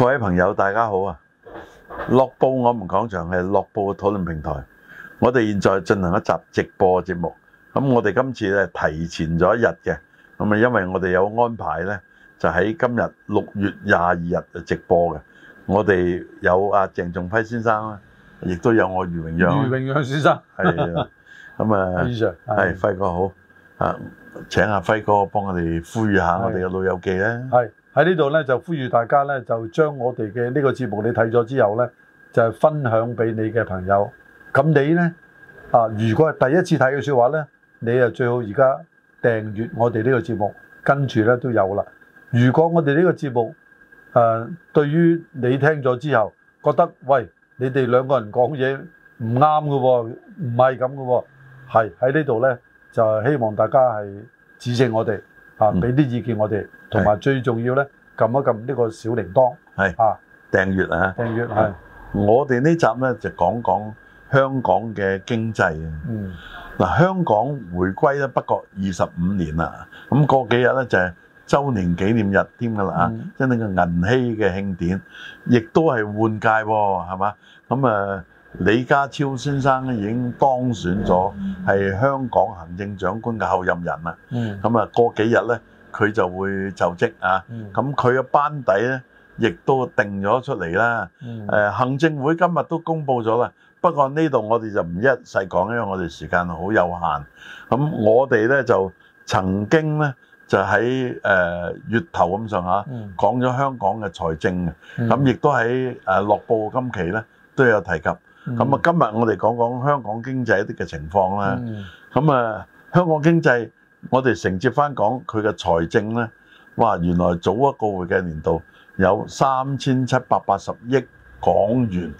各位朋友，大家好啊！樂報我們講場係樂報嘅討論平台，我哋現在進行一集直播節目。咁我哋今次咧提前咗一日嘅，咁啊因為我哋有安排咧，就喺今日六月廿二日直播嘅。我哋有阿鄭仲輝先生啦，亦都有我余榮讓。余榮讓先生，係咁啊，係輝哥好啊，請阿輝哥幫我哋呼籲下我哋嘅老友記咧。係。喺呢度咧就呼籲大家咧就將我哋嘅呢個節目你睇咗之後咧就係分享俾你嘅朋友。咁你咧啊，如果係第一次睇嘅說話咧，你啊最好而家訂閱我哋呢個節目，跟住咧都有啦。如果我哋呢個節目誒、啊、對於你聽咗之後覺得喂，你哋兩個人講嘢唔啱嘅喎，唔係咁嘅喎，係喺呢度咧就希望大家係指正我哋啊，俾啲意見我哋。嗯同埋最重要咧，撳一撳呢個小鈴鐺，係啊訂閲啊，訂閲係。我哋呢集咧就講講香港嘅經濟啊。嗯。嗱，香港回歸咧不過二十五年啦，咁過幾日咧就係周年紀念日添㗎啦，即係呢個銀禧嘅慶典，亦都係換屆喎，係嘛？咁啊，李家超先生咧已經當選咗係香港行政長官嘅候任人啦。嗯。咁啊，過幾日咧，佢就會就職啊！咁佢嘅班底咧，亦都定咗出嚟啦。誒行政會今日都公布咗啦，不過呢度我哋就唔一細講，因為我哋時間好有限。咁我哋咧就曾經咧就喺誒月頭咁上下講咗香港嘅財政嘅，咁亦都喺誒樂報今期咧都有提及。咁啊，今日我哋講講香港經濟一啲嘅情況啦。咁啊，香港經濟。我哋承接翻講佢嘅財政呢。哇！原來早一個會計年度有三千七百八十億港元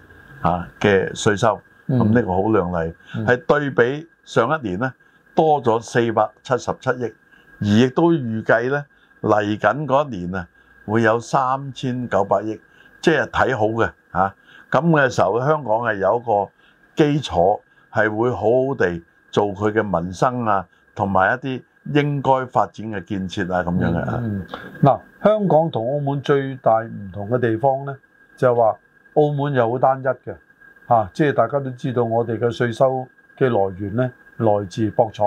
啊嘅稅收，咁呢、嗯、個好靚麗，係、嗯、對比上一年呢多咗四百七十七億，而亦都預計呢嚟緊嗰一年啊會有三千九百億，即係睇好嘅嚇。咁嘅時候，香港係有一個基礎係會好好地做佢嘅民生啊，同埋一啲。應該發展嘅建設啊，咁樣嘅、嗯。嗯，嗱，香港同澳門最大唔同嘅地方咧，就係、是、話澳門又好單一嘅，嚇、啊，即係大家都知道我哋嘅稅收嘅來源咧，來自博彩、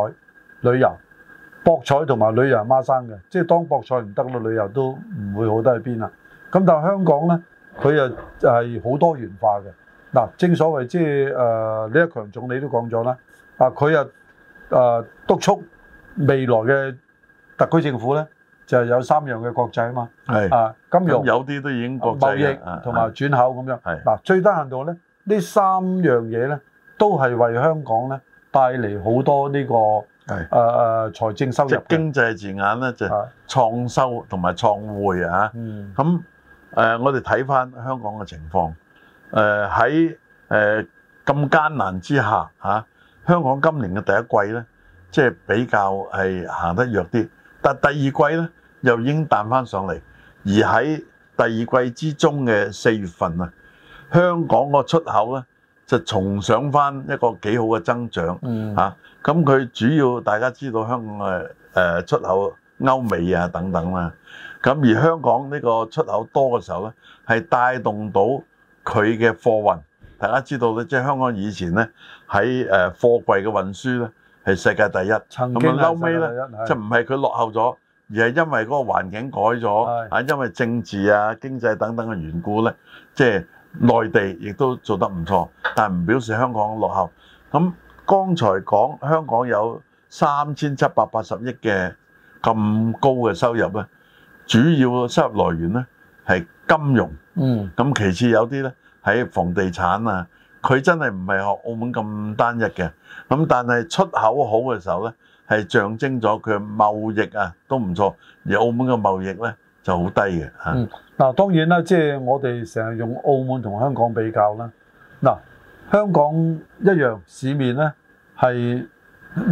旅遊，博彩同埋旅遊孖生嘅，即係當博彩唔得啦，旅遊都唔會好得去邊啦。咁但係香港咧，佢又係好多元化嘅。嗱、啊，正所謂即係誒，李克強總理都講咗啦，啊，佢又誒督促。未來嘅特區政府咧，就有三樣嘅國際啊嘛，是啊金融有啲都已經國際貿易同埋轉口咁樣。嗱是、啊，最低限度咧，呢三樣嘢咧，都係為香港咧帶嚟好多呢、這個誒誒財政收入。經濟字眼咧就係創、是、收同埋創匯啊。咁誒、嗯，啊、那我哋睇翻香港嘅情況，誒喺誒咁艱難之下嚇、啊，香港今年嘅第一季咧。即係比較係行得弱啲，但係第二季咧又已經彈翻上嚟，而喺第二季之中嘅四月份啊，香港個出口咧就重上翻一個幾好嘅增長。嗯，嚇，咁佢主要大家知道香港嘅誒出口歐美啊等等啦，咁而香港呢個出口多嘅時候咧，係帶動到佢嘅貨運。大家知道咧，即係香港以前咧喺誒貨櫃嘅運輸咧。係世界第一，咁後尾咧就唔係佢落後咗，而係因為嗰個環境改咗啊，因為政治啊、經濟等等嘅緣故咧，即係內地亦都做得唔錯，但唔表示香港落後。咁剛才講香港有三千七百八十億嘅咁高嘅收入咧，主要嘅收入來源咧係金融，嗯，咁其次有啲咧喺房地產啊。佢真係唔係學澳門咁單一嘅，咁但係出口好嘅時候呢，係象徵咗佢貿易啊都唔錯，而澳門嘅貿易呢，就好低嘅。嗯，嗱，當然啦，即係我哋成日用澳門同香港比較啦。嗱，香港一樣市面呢，係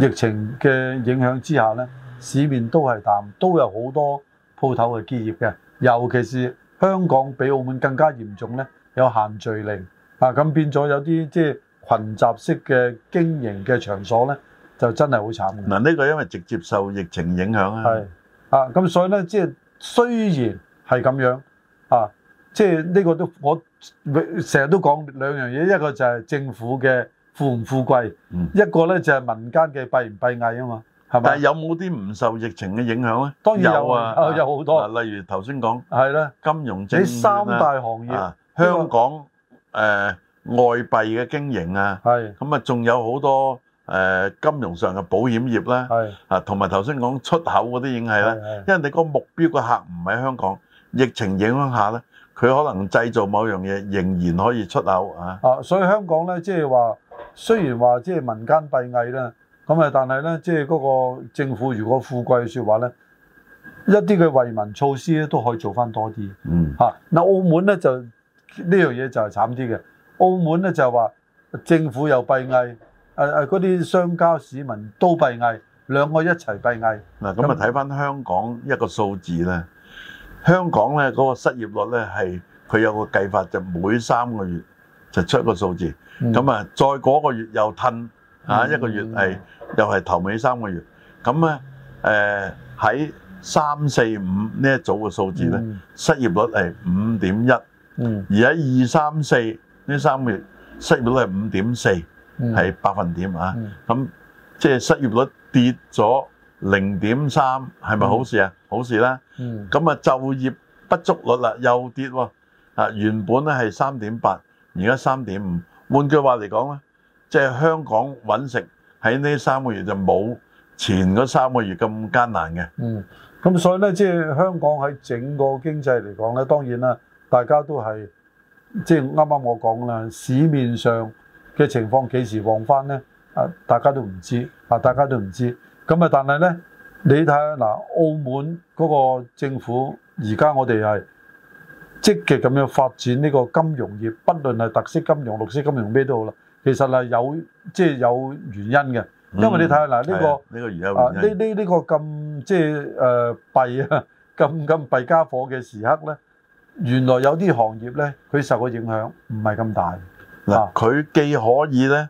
疫情嘅影響之下呢，市面都係淡，都有好多鋪頭係結業嘅，尤其是香港比澳門更加嚴重呢，有限聚令。啊，咁變咗有啲即係羣集式嘅經營嘅場所咧，就真係好慘。嗱，呢個因為直接受疫情影響啊。係啊，咁所以咧，即係雖然係咁樣啊，即係呢個都我成日都講兩樣嘢，一個就係政府嘅富唔富貴，一個咧就係民間嘅閉唔閉翳啊嘛。係嘛？但係有冇啲唔受疫情嘅影響咧？當然有啊，有好多。例如頭先講係啦，金融、三大行業啦，香港。誒、呃、外幣嘅經營啊，係咁啊，仲有好多誒、呃、金融上嘅保險業啦，係啊，同埋頭先講出口嗰啲影響啦，因為你個目標嘅客唔喺香港，疫情影響下咧，佢可能製造某樣嘢仍然可以出口啊。哦、啊，所以香港咧，即係話雖然話即係民間閉翳啦，咁啊，但係咧，即係嗰個政府如果富貴説話咧，一啲嘅惠民措施咧都可以做翻多啲。嗯，嚇、啊，嗱澳門咧就。呢樣嘢就係慘啲嘅。澳門咧就係話政府又閉翳，誒誒嗰啲商家市民都閉翳，兩個一齊閉翳。嗱咁啊睇翻香港一個數字咧，香港咧嗰個失業率咧係佢有個計法，就每三個月就出一個數字。咁啊再過個月又褪啊一個月係又係頭尾三個月。咁咧誒喺三四五呢一組嘅數字咧，失業率係五點一。嗯、而家二三四呢三個月失業率係五點四，係百分點啊。咁、嗯、即係失業率跌咗零點三，係咪好事啊？好事啦、啊。咁啊、嗯、就業不足率啦又跌喎。啊原本咧係三點八，而家三點五。換句話嚟講咧，即、就、係、是、香港揾食喺呢三個月就冇前嗰三個月咁艱難嘅。咁、嗯、所以咧，即係香港喺整個經濟嚟講咧，當然啦。大家都係即係啱啱我講啦，市面上嘅情況幾時旺翻咧？啊，大家都唔知啊，大家都唔知。咁啊，但係咧，你睇下嗱，澳門嗰個政府而家我哋係積極咁樣發展呢個金融業，不論係特色金融、綠色金融咩都好啦。其實係有即係有原因嘅，因為你睇下嗱，呢個啊呢呢呢個咁即係誒弊啊咁咁弊家伙嘅時刻咧。原來有啲行業咧，佢受個影響唔係咁大。嗱、啊，佢既可以咧，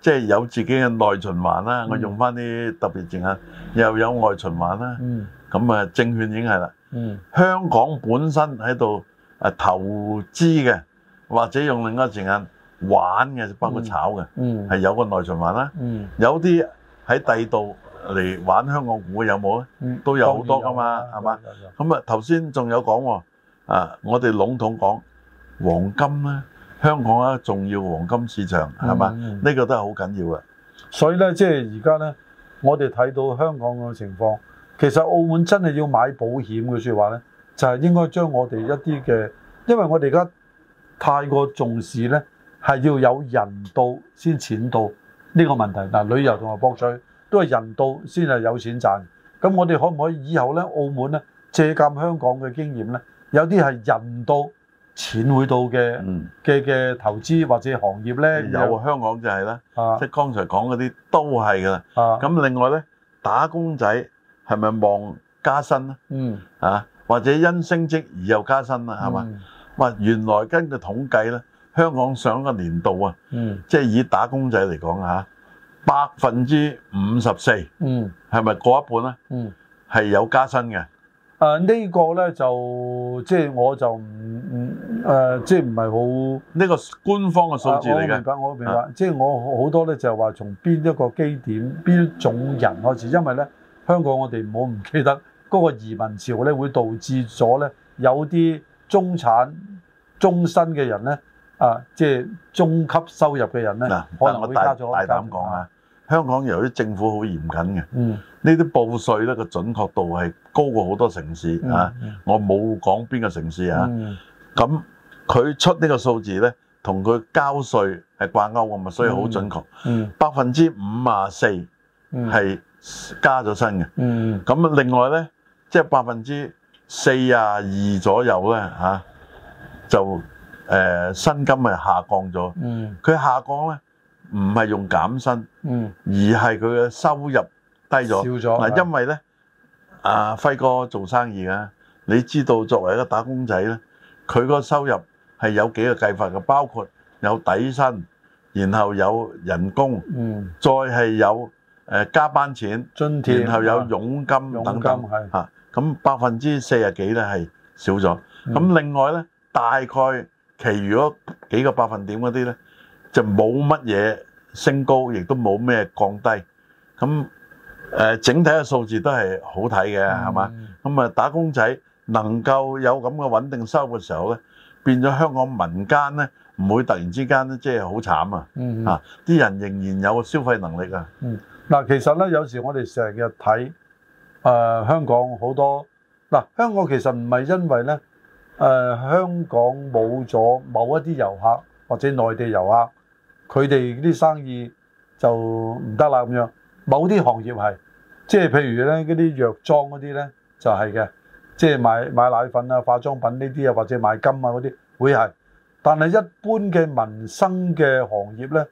即係有自己嘅內循環啦，嗯、我用翻啲特別字眼，又有外循環啦。嗯。咁啊，證券已經係啦。嗯。香港本身喺度投資嘅，或者用另一個字眼玩嘅，包括炒嘅，嗯，係有個內循環啦。嗯。有啲喺第度嚟玩香港股嘅有冇咧？嗯。都有好多噶嘛，係嘛？有有。咁啊，頭先仲有講喎。嗯啊！我哋籠統講黃金咧，香港一個重要黃金市場係嘛？呢、嗯嗯、個都係好緊要嘅。所以咧，即係而家咧，我哋睇到香港嘅情況，其實澳門真係要買保險嘅説話咧，就係、是、應該將我哋一啲嘅，因為我哋而家太過重視咧，係要有人到先錢到呢個問題。嗱、呃，旅遊同埋博彩都係人到先係有錢賺。咁我哋可唔可以以後咧，澳門咧借鑑香港嘅經驗咧？有啲係人到錢會到嘅嘅嘅投資或者行業咧，有香港就係啦，即係剛才講嗰啲都係噶啦。咁、啊、另外咧，打工仔係咪望加薪咧？嗯、啊，或者因升職而又加薪啦，係嘛？嗯、原來根據統計咧，香港上個年度啊，即係、嗯、以打工仔嚟講嚇，百分之五十四，係咪、嗯、過一半咧？係、嗯、有加薪嘅。誒、呃這個、呢個咧就即係我就唔唔、呃、即係唔係好呢個官方嘅數字你我明白，我明白。啊、即係我好多咧就係話從邊一個基點、邊種人開始，因為咧香港我哋唔好唔記得嗰、那個移民潮咧會導致咗咧有啲中產、中薪嘅人咧啊，即係中級收入嘅人咧、啊、可能會加咗。大膽講啊！香港由於政府好嚴謹嘅，嗯，呢啲報稅咧個準確度係。高過好多城市嚇，我冇講邊個城市嚇，咁佢出呢個數字咧，同佢交稅係掛鈎嘅嘛，所以好準確。百分之五啊四係加咗薪嘅，咁另外咧即係百分之四啊二左右咧嚇就誒薪金係下降咗。佢下降咧唔係用減薪，而係佢嘅收入低咗，少咗，嗱因為咧。啊，阿輝哥做生意嘅，你知道作為一個打工仔咧，佢個收入係有幾個計法嘅，包括有底薪，然後有人工，嗯，再係有誒加班錢，津貼，然後有傭金等等，嚇。咁百分之四十幾咧係少咗，咁另外咧大概其餘嗰幾個百分點嗰啲咧就冇乜嘢升高，亦都冇咩降低，咁。誒整體嘅數字都係好睇嘅，係嘛？咁啊，打工仔能夠有咁嘅穩定收入嘅時候咧，變咗香港民間咧唔會突然之間咧即係好慘啊！啊，啲人仍然有消費能力啊！嗱，其實咧有時我哋成日睇誒香港好多嗱，香港其實唔係因為咧誒香港冇咗某一啲遊客或者內地遊客，佢哋啲生意就唔得啦咁樣。某啲行業係，即係譬如咧嗰啲藥妝嗰啲咧就係嘅，即係買買奶粉啊、化妝品呢啲啊，或者買金啊嗰啲會係。但係一般嘅民生嘅行業咧，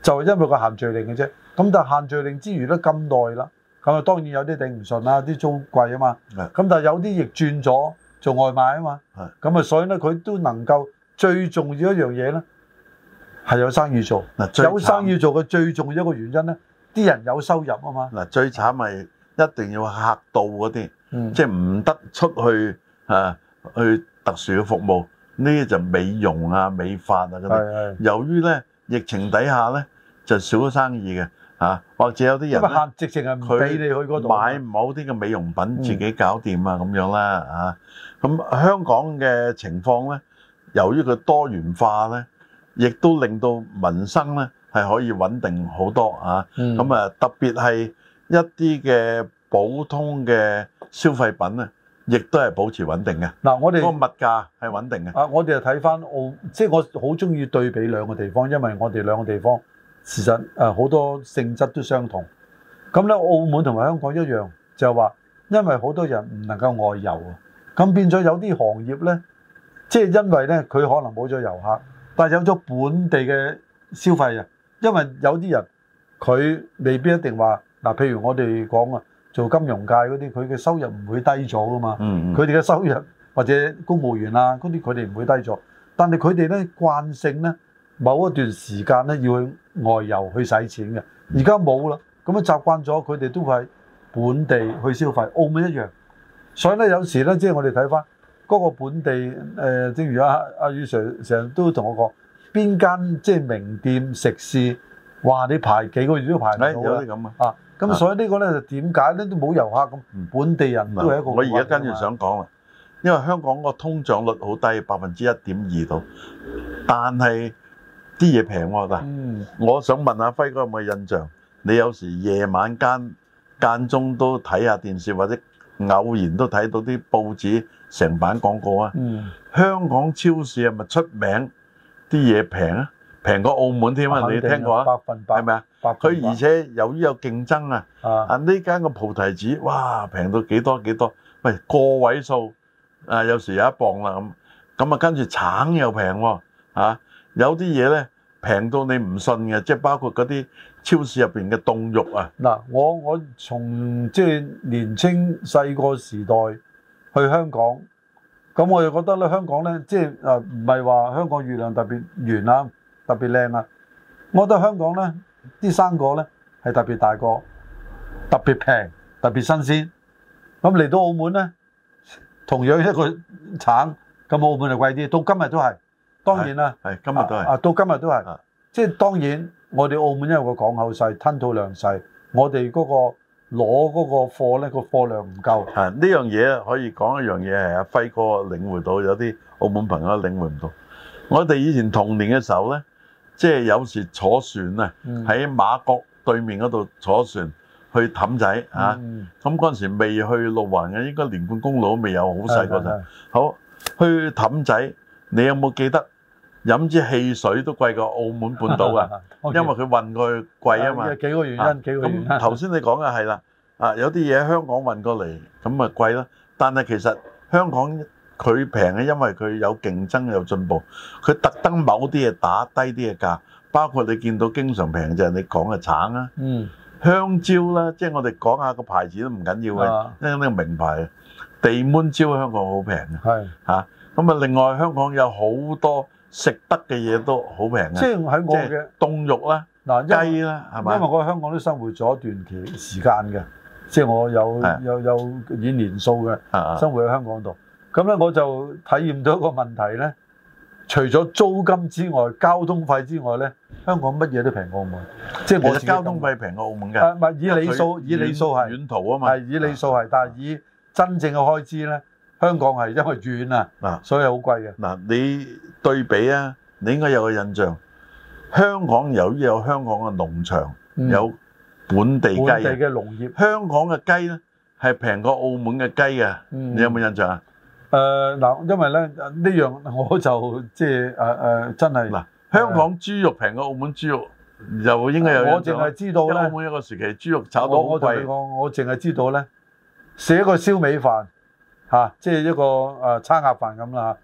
就係因為個限聚令嘅啫。咁但係限聚令之餘咧咁耐啦，咁啊當然有啲頂唔順啦，啲租貴啊嘛。咁但係有啲亦轉咗做外賣啊嘛。咁啊所以咧佢都能夠最重要一樣嘢咧係有生意做。有生意做嘅最重要一個原因咧。啲人有收入啊嘛，嗱最慘係一定要客到嗰啲，即係唔得出去啊去特殊嘅服務，呢啲就美容啊、美髮啊嗰啲。係係。由於咧疫情底下咧就少咗生意嘅嚇，或者有啲人咧，佢哋去嗰度買某啲嘅美容品自己搞掂啊咁樣啦嚇。咁香港嘅情況咧，由於佢多元化咧，亦都令到民生咧。係可以穩定好多啊！咁啊、嗯，特別係一啲嘅普通嘅消費品咧，亦都係保持穩定嘅。嗱、啊，我哋個物價係穩定嘅。啊，我哋就睇翻澳，即係我好中意對比兩個地方，因為我哋兩個地方事實誒啊、好多性質都相同。咁咧，澳門同埋香港一樣，就係話因為好多人唔能夠外遊啊，咁變咗有啲行業咧，即係因為咧佢可能冇咗遊客，但係有咗本地嘅消費人。因為有啲人佢未必一定話嗱，譬如我哋講啊，做金融界嗰啲，佢嘅收入唔會低咗㗎嘛。嗯。佢哋嘅收入或者公務員啊，嗰啲佢哋唔會低咗，但係佢哋咧慣性咧，某一段時間咧要去外遊去使錢嘅。而家冇啦，咁樣習慣咗，佢哋都係本地去消費，澳門一樣。所以咧，有時咧，即係我哋睇翻嗰個本地誒、呃，正如阿、啊、阿余 sir 成日都同我講。邊間即係名店食肆，哇！你排幾個月都排唔到嘅。啊，咁所以呢個咧就點解咧都冇遊客咁，本地人啊。我而家跟住想講啦，因為香港個通脹率好低，百分之一點二度，但係啲嘢平喎，我覺得。我想問阿輝哥有冇印象？你有時夜晚間間中都睇下電視，或者偶然都睇到啲報紙成版廣告啊。香港超市係咪出名？啲嘢平啊，平過澳門添啊！你聽過啊？百分百係咪啊？佢而且由於有競爭啊，啊，呢間個菩提子，哇，平到幾多幾多？喂，個位數啊，有時有一磅啦咁。咁啊跟住橙又平喎，嚇有啲嘢咧平到你唔信嘅，即係包括嗰啲超市入邊嘅凍肉啊。嗱，我我從即係年青細個時代去香港。咁我又覺得咧，香港咧，即係啊，唔係話香港月亮特別圓啦，特別靚啦。我覺得香港咧，啲生果咧係特別大個，特別平，特別新鮮。咁嚟到澳門咧，同樣一個橙咁，澳門就貴啲，到今日都係。當然啦，係今日都係啊，啊，到今日都係。是即係當然，我哋澳門因為有個港口細，吞吐量細，我哋嗰、嗰個。攞嗰個貨咧，個貨量唔夠。啊，呢樣嘢可以講一樣嘢係阿輝哥領會到，有啲澳門朋友領會唔到。我哋以前童年嘅時候咧，即係有時坐船啊，喺媽閣對面嗰度坐船去氹仔啊。咁嗰陣時未去路環嘅，應該連貫公路都未有，好細個就。好，去氹仔，你有冇記得？飲支汽水都貴過澳門半島㗎， 因為佢運過去貴啊嘛。有、啊、幾個原因，啊、幾個咁頭先你講嘅係啦，啊有啲嘢香港運過嚟咁咪貴咯。但係其實香港佢平，因為佢有競爭，有進步，佢特登某啲嘢打低啲嘅價，包括你見到經常平、嗯、就係你講嘅橙啊，嗯，香蕉啦，即係我哋講下個牌子都唔緊要嘅，呢個名牌地捫蕉香港好平嘅，係嚇，咁啊，另外香港有好多。食得嘅嘢都好平啊！即係喺我嘅凍肉啦，嗱雞啦，係嘛？因為我喺香港都生活咗一段期時間嘅，即係我有有有以年數嘅生活喺香港度。咁咧我就體驗到一個問題咧，除咗租金之外、交通費之外咧，香港乜嘢都平過澳門。即係其實交通費平過澳門嘅。啊唔係以哩數，以哩數係遠途啊嘛，係以哩數係，但係以真正嘅開支咧。香港係因為遠啊，嗱，所以好貴嘅。嗱，你對比啊，你應該有個印象。香港由於有香港嘅農場，有本地雞啊，本地嘅農業，香港嘅雞咧係平過澳門嘅雞嘅。你有冇印象啊？誒嗱，因為咧呢樣我就即係誒誒，真係嗱，香港豬肉平過澳門豬肉，又應該有印象。我淨係知道咧，澳門一個時期豬肉炒到好貴。我我淨係知道咧，食一個燒味飯。啊，即係一個誒餐盒飯咁啦，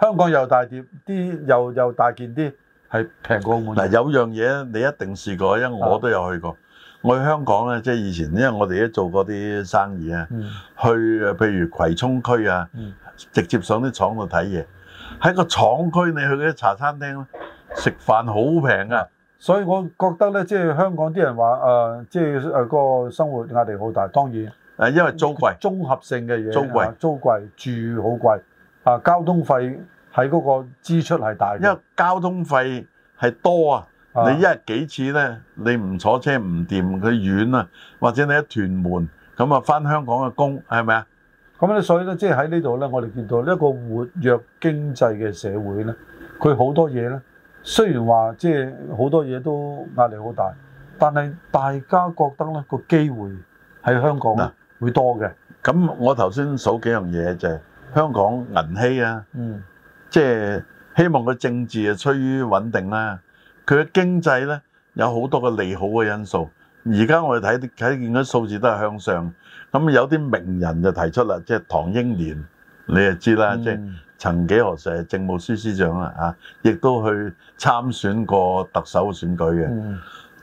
香港又大碟啲，又又大件啲，係平、嗯、過澳門。嗱，有樣嘢你一定試過，因為我都有去過。嗯、我去香港咧，即係以前，因為我哋都做過啲生意啊，去誒譬如葵涌區啊，嗯、直接上啲廠度睇嘢。喺個廠區，你去啲茶餐廳食飯好平啊。所以我覺得咧，即係香港啲人話誒、呃，即係誒個生活壓力好大，當然。誒，因為租貴，綜合性嘅嘢，租貴，租貴住好貴，啊，交通費喺嗰個支出係大嘅，因為交通費係多啊，啊你一日幾次咧？你唔坐車唔掂，佢遠啊，或者你一屯門咁啊，返香港嘅工係咪啊？咁咧，所以咧，即係喺呢度咧，我哋見到一個活躍經濟嘅社會咧，佢好多嘢咧，雖然話即係好多嘢都壓力好大，但係大家覺得咧、這個機會喺香港。啊會多嘅。咁我頭先數幾樣嘢就係香港銀禧啊，即係希望個政治係趨於穩定啦。佢嘅經濟咧有好多個利好嘅因素。而家我哋睇睇見嗰數字都係向上。咁有啲名人就提出啦，即係唐英年，你就知啦，即係曾幾何時係政務司司長啦啊，亦都去參選過特首嘅選舉嘅。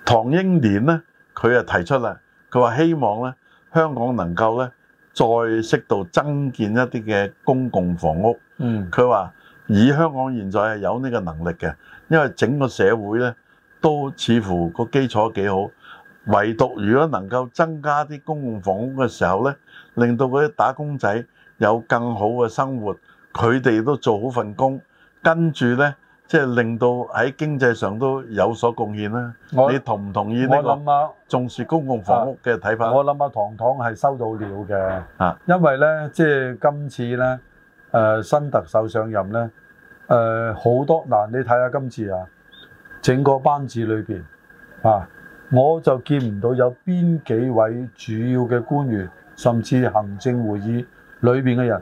唐英年咧，佢就提出啦，佢話希望咧。香港能夠咧再適度增建一啲嘅公共房屋，嗯、佢話，以香港現在係有呢個能力嘅，因為整個社會咧都似乎個基礎幾好，唯獨如果能夠增加啲公共房屋嘅時候咧，令到嗰啲打工仔有更好嘅生活，佢哋都做好份工，跟住咧。即係令到喺經濟上都有所貢獻啦。我你同唔同意呢個？我諗下重視公共房屋嘅睇法。我諗下唐唐係收到料嘅。啊，因為咧，即係今次咧，誒新特首上任咧，誒好多嗱，你睇下今次啊，整個班子裏邊啊，我就見唔到有邊幾位主要嘅官員，甚至行政會議裏邊嘅人。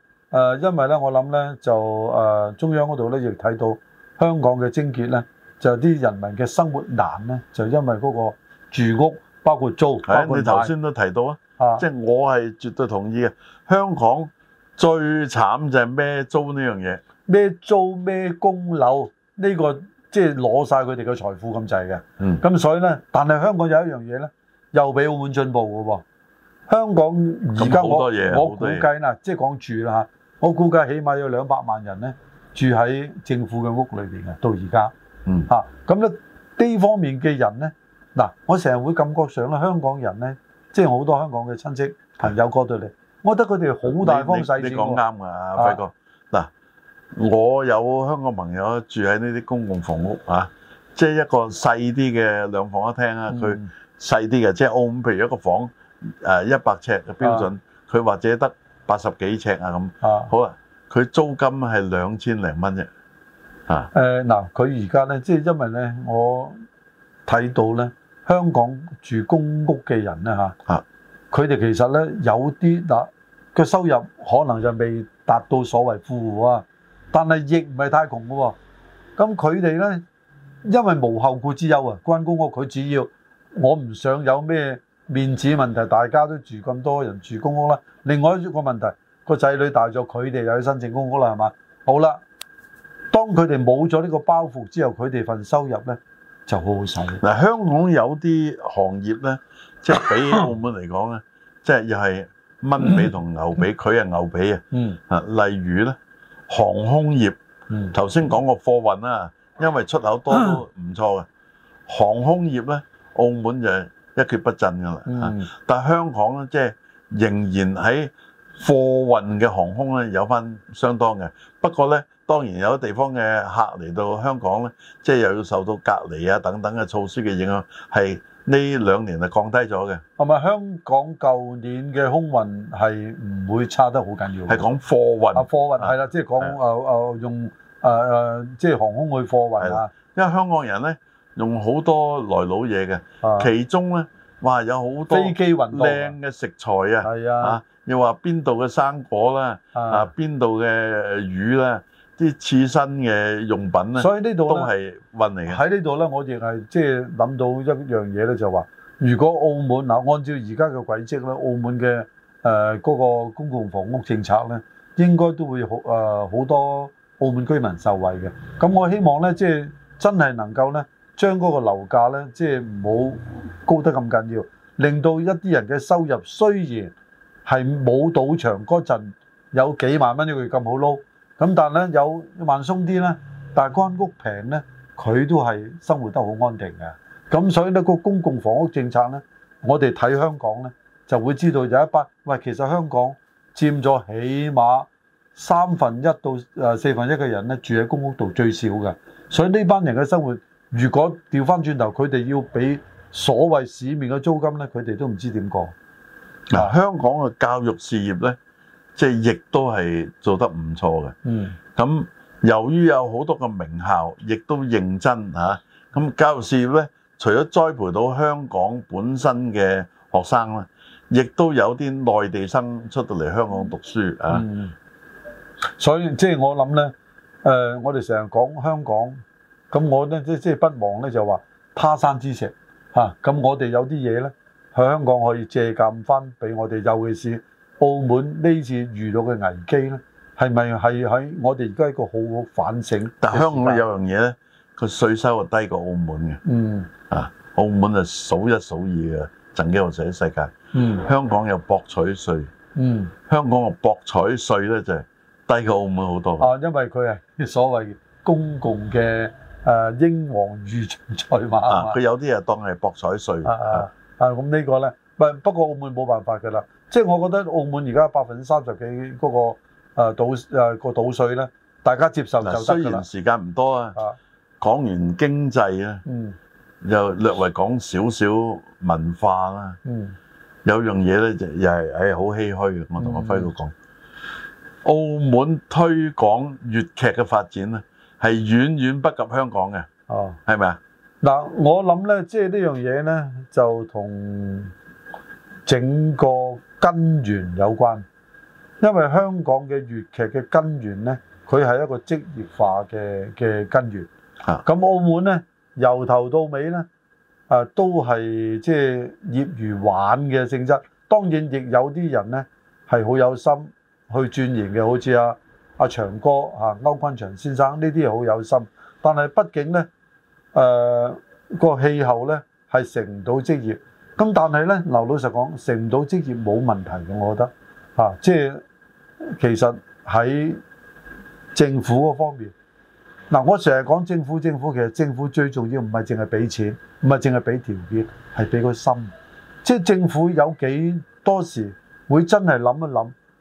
誒、呃，因為咧，我諗咧就誒、呃、中央嗰度咧亦睇到香港嘅症結咧，就啲人民嘅生活難咧，就因為嗰個住屋包括租，我、哎、你頭先都提到啊，即係我係絕對同意嘅。香港最慘就係咩租呢樣嘢，咩租咩供樓呢個即係攞晒佢哋嘅財富咁滯嘅。嗯，咁、這個嗯、所以咧，但係香港有一樣嘢咧，又比澳門進步嘅喎。香港而家好多嘢，我估計啦即係講住啦嚇我估計起碼有兩百萬人咧住喺政府嘅屋裏邊嘅，到而家，嚇咁咧呢方面嘅人咧，嗱，我成日會感覺上咧香港人咧，即係好多香港嘅親戚朋友過到嚟，我覺得佢哋好大方細錢㗎。你講啱㗎，輝哥。嗱，我有香港朋友住喺呢啲公共房屋啊，即係一個細啲嘅兩房一廳啊，佢細啲嘅，即係澳門，譬如一個房誒一百尺嘅標準，佢或者得。八十幾尺啊咁，好啊！佢租金係兩千零蚊啫，啊！誒嗱，佢而家咧，即係因為咧，我睇到咧，香港住公屋嘅人咧嚇，佢哋其實咧有啲嗱，佢收入可能就未達到所謂富戶啊，但係亦唔係太窮嘅喎。咁佢哋咧，因為無後顧之憂啊，住公屋佢只要我唔想有咩面子問題，大家都住咁多人住公屋啦。另外一個問題，個仔女大咗，佢哋又去申請公屋啦，係嘛？好啦，當佢哋冇咗呢個包袱之後，佢哋份收入咧就好好使。嗱，香港有啲行業咧，即係比起澳門嚟講咧，即係又係蚊比同牛比，佢係牛比啊。嗯。啊，例如咧航空業，頭先講過貨運啦，因為出口多都唔錯嘅。航空業咧，澳門就係。一蹶不振噶啦嚇，但係香港咧即係仍然喺貨運嘅航空咧有翻相當嘅。不過咧當然有地方嘅客嚟到香港咧，即係又要受到隔離啊等等嘅措施嘅影響，係呢兩年係降低咗嘅。係咪香港舊年嘅空運係唔會差得好緊要？係講貨運啊，貨運係啦，即係講誒誒用誒誒即係航空去貨運啊，因為香港人咧。用好多來佬嘢嘅，其中咧哇有好多飛機運靚嘅食材啊，啊又話邊度嘅生果啦，啊邊度嘅魚咧，啲刺身嘅用品咧，所以呢度都係運嚟嘅。喺呢度咧，我亦係即係諗到一樣嘢咧，就話如果澳門嗱，按照而家嘅軌跡咧，澳門嘅誒嗰個公共房屋政策咧，應該都會好誒好多澳門居民受惠嘅。咁我希望咧，即係真係能夠咧。將嗰個樓價咧，即係唔好高得咁緊要，令到一啲人嘅收入雖然係冇賭場嗰陣有幾萬蚊一個月咁好撈，咁但係咧有慢鬆啲咧，但係間屋平咧，佢都係生活得好安定嘅。咁所以呢個公共房屋政策咧，我哋睇香港咧就會知道有一班喂，其實香港佔咗起碼三分一到誒四分一嘅人咧住喺公屋度最少嘅，所以呢班人嘅生活。如果調翻轉頭，佢哋要俾所謂市面嘅租金咧，佢哋都唔知點過。嗱，香港嘅教育事業咧，即係亦都係做得唔錯嘅。嗯，咁由於有好多嘅名校，亦都認真嚇。咁教育事業咧，除咗栽培到香港本身嘅學生啦，亦都有啲內地生出到嚟香港讀書啊。嗯，所以即係我諗咧，誒，我哋成日講香港。咁我咧即即係不忘咧就話他山之石嚇，咁我哋有啲嘢咧喺香港可以借鑑翻俾我哋，尤其是澳門呢次遇到嘅危機咧，係咪係喺我哋而家一個好好反省？但香港有樣嘢咧，佢稅收就低過澳門嘅。嗯啊，澳門啊數一數二嘅淨資產喺世界。嗯，香港有博彩稅。嗯，香港嘅博彩稅咧就係低過澳門好多。啊，因為佢係啲所謂公共嘅。誒英皇御場賽馬啊，佢有啲誒當係博彩稅啊啊啊。啊咁呢個咧，唔不過澳門冇辦法嘅啦。即係我覺得澳門而家百分之三十幾嗰個誒賭誒個賭稅咧，大家接受就得㗎啦。雖然時間唔多啊，講完經濟咧，又略為講少少文化啦。有樣嘢咧就又係誒好唏噓嘅。我同阿輝佢講，澳門推廣粵劇嘅發展咧，係遠遠不及香港嘅，哦，係咪啊？嗱，我諗咧，即係呢樣嘢咧，就同整個根源有關，因為香港嘅粵劇嘅根源咧，佢係一個職業化嘅嘅根源，嚇。咁澳門咧，由頭到尾咧，啊，都係即係業餘玩嘅性質。當然亦有啲人咧係好有心去轉型嘅，好似啊。阿長哥啊，歐君祥先生呢啲好有心，但係畢竟呢誒、呃嗰個氣候呢係成唔到職業。咁但係呢，劉老實講，成唔到職業冇問題嘅，我覺得啊，即係其實喺政府嗰方面，嗱、啊，我成日講政府，政府其實政府最重要唔係淨係俾錢，唔係淨係俾條件，係俾個心。即係政府有幾多時會真係諗一諗？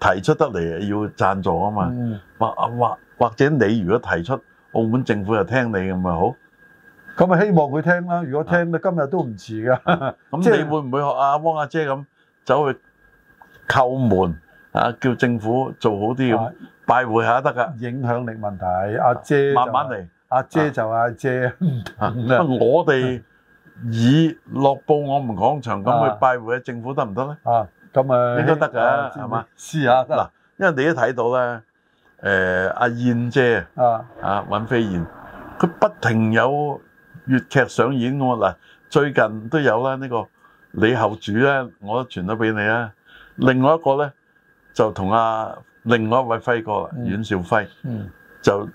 提出得嚟要贊助啊嘛，或或或者你如果提出，澳門政府就聽你咁咪好？咁咪希望佢聽啦。如果聽，今日都唔遲噶。咁你會唔會學阿汪阿姐咁走去叩門啊？叫政府做好啲咁拜會下得㗎？影響力問題，阿姐慢慢嚟。阿姐就阿姐，啊。我哋以樂報我們講場，咁去拜會啊政府得唔得咧？啊！咁誒應該得㗎，係嘛？試下得嗱，因為你都睇到咧，誒阿燕姐啊，啊尹飛燕，佢不停有粵劇上演咁啊，嗱最近都有啦，呢個李後主咧，我傳咗俾你啊。另外一個咧就同阿另外一位輝哥啦，阮兆輝，就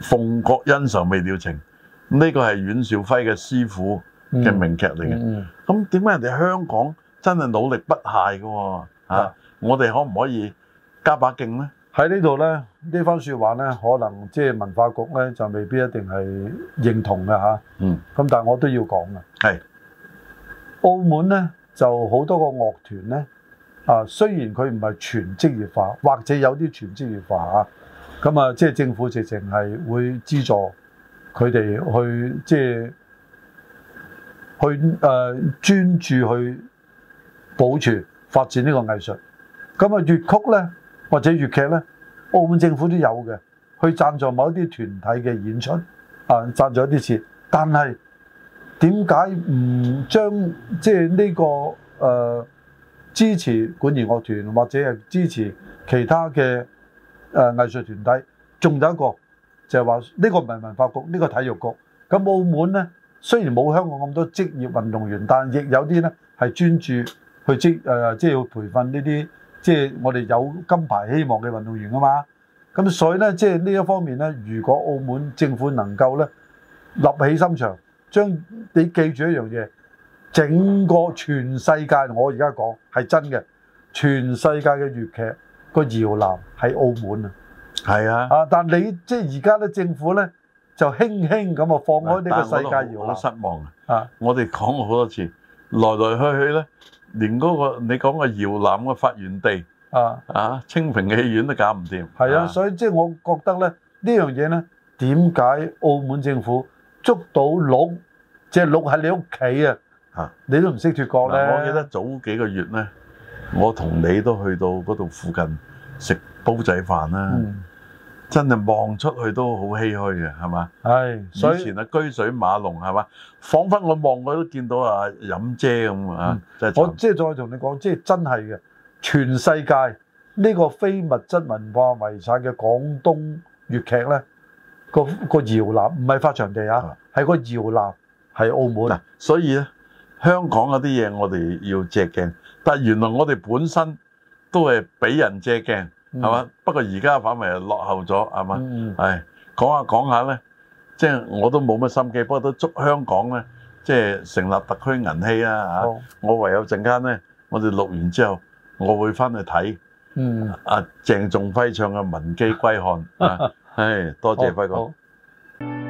鳳閣恩仇未了情，呢個係阮兆輝嘅師傅嘅名劇嚟嘅。咁點解人哋香港？真係努力不懈嘅喎的、啊、我哋可唔可以加把勁咧？喺呢度咧，番呢番説話咧，可能即係文化局咧就未必一定係認同嘅吓。嗯，咁、啊、但係我都要講嘅。係的澳門咧就好多個樂團咧啊，雖然佢唔係全職業化，或者有啲全職業化嚇，咁啊即係政府直情係會資助佢哋去即係、就是、去誒、呃、專注去。保存發展呢個藝術，咁啊粵曲呢？或者粵劇呢？澳門政府都有嘅，去贊助某一啲團體嘅演出，啊贊助一啲錢。但係點解唔將即係呢個誒、呃、支持管弦樂團或者係支持其他嘅誒、呃、藝術團體？仲有一個就係話呢個唔係文化局，呢、呢個體育局。咁澳門呢，雖然冇香港咁多職業運動員，但亦有啲呢係專注。去即即係要培訓呢啲，即係我哋有金牌希望嘅運動員啊嘛。咁所以咧，即係呢一方面咧，如果澳門政府能夠咧立起心腸，將你記住一樣嘢，整個全世界，我而家講係真嘅，全世界嘅粵劇個搖籃喺澳門啊。係啊，啊！但你即係而家咧，政府咧就輕輕咁啊放開呢個世界搖籃，我好失望啊！啊，我哋講過好多次，來來去去咧。連嗰個你講個搖籃嘅發源地啊啊，清平戲院都搞唔掂。係啊，所以即係我覺得咧，呢樣嘢咧，點解澳門政府捉到鹿，隻鹿喺你屋企啊，你都唔識脱角咧？我記得早幾個月咧，我同你都去到嗰度附近食煲仔飯啦。嗯真係望出去都好唏噓嘅，係嘛？係，以前啊車水馬龍係嘛，彷彿我望我都見到啊飲姐咁啊！我即係再同你講，即係真係嘅，全世界呢個非物質文化遺產嘅廣東粵劇呢，個個搖籃唔係發祥地啊，係個搖籃係澳門。所以呢，香港嗰啲嘢我哋要借鏡，但原來我哋本身都係俾人借鏡。係嘛？嗯、不過而家反為落後咗，係嘛？係講、嗯哎、下講下咧，即、就、係、是、我都冇乜心機，不過都祝香港咧，即、就、係、是、成立特區銀禧啦。吓、嗯，我唯有陣間咧，我哋錄完之後，我會翻去睇。嗯，阿鄭仲輝唱嘅《文姬歸漢》，係、 哎、多謝輝哥。